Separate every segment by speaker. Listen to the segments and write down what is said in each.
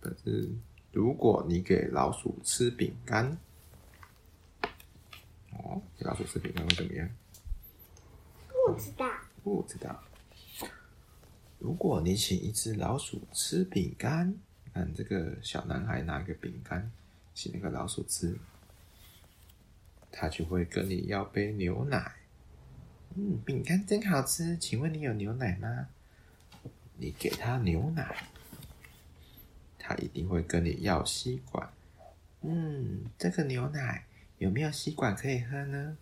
Speaker 1: 可是，如果你給老鼠吃餅乾，哦，給老鼠吃餅乾會怎麼樣？不知道。嗯，不知道。如果你請一隻老鼠吃餅乾，看這個小男孩拿一個餅乾，請那個老鼠吃，他就會跟你要杯牛奶。嗯，餅乾真好吃，請問你有牛奶嗎？你給他牛奶。他一定會跟你要吸管。嗯，這個牛奶有沒有吸管可以喝呢？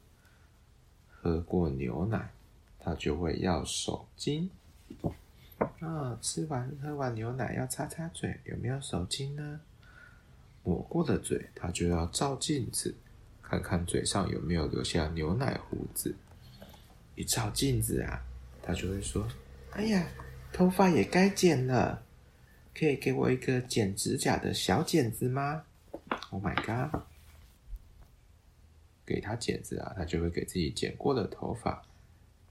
Speaker 1: 喝過牛奶，他就會要手巾。啊、哦、吃完喝完牛奶要擦擦嘴，有沒有手巾呢？抹過的嘴，他就要照鏡子，看看嘴上有沒有留下牛奶鬍子。一照鏡子啊，他就會說：“哎呀，頭髮也該剪了。”可以給我一個剪指甲的小剪子嗎？Oh my god！給他剪子啊，他就會給自己剪過的頭髮，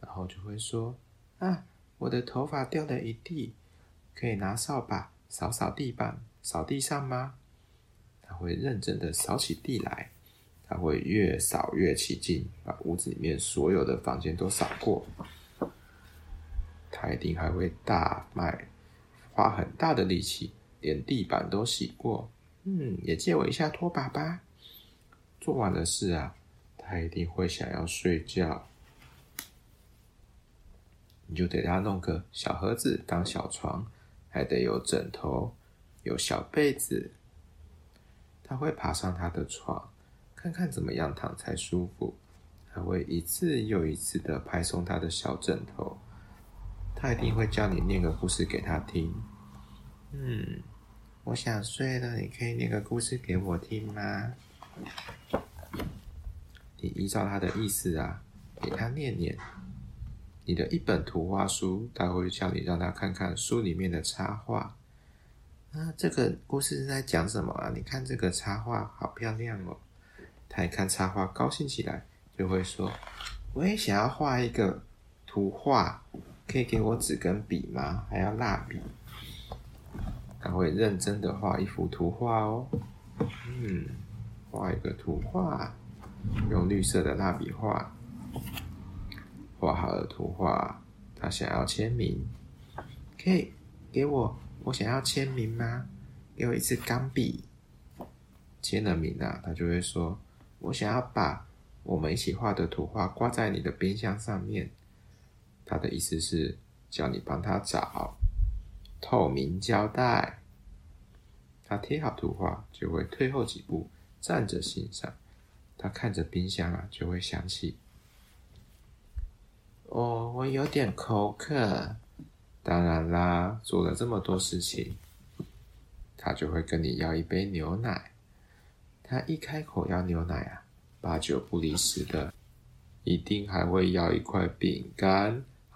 Speaker 1: 然後就會說：“啊，我的頭髮掉了一地，可以拿掃把掃掃地板，掃地上嗎？”他會認真的掃起地來，他會越掃越起勁，把屋子裡面所有的房間都掃過。他一定還會大賣。花很大的力氣，連地板都洗過。嗯，也借我一下拖把吧。做完的事啊，他一定會想要睡覺。你就給他弄個小盒子當小床，還得有枕頭，有小被子。他會爬上他的床，看看怎麼樣躺才舒服。還會一次又一次的拍鬆他的小枕頭。他一定會叫你念個故事給他聽。嗯，我想睡了，你可以念個故事給我聽嗎？你依照他的意思啊，給他念念。你的一本圖畫書，他會叫你讓他看看書裡面的插畫。那、啊、這個故事是在講什麼啊？你看這個插畫好漂亮哦！他一看插畫高興起來，就會說：“我也想要畫一個圖畫。”可以給我紙跟筆嗎？還要蠟筆，他會認真的畫一幅圖畫哦。嗯，畫一個圖畫，用綠色的蠟筆畫。畫好了圖畫，他想要簽名。可以給我，我想要簽名嗎？給我一支鋼筆。簽了名啊，他就會說：“我想要把我們一起畫的圖畫掛在你的冰箱上面。”他的意思是叫你幫他找透明膠帶。他貼好圖畫，就會退後幾步站着欣賞。他看着冰箱啊，就會想起哦，我有點口渴。當然啦，做了這麼多事情，他就會跟你要一杯牛奶。他一開口要牛奶啊，八九不離十的，一定還會要一塊餅乾。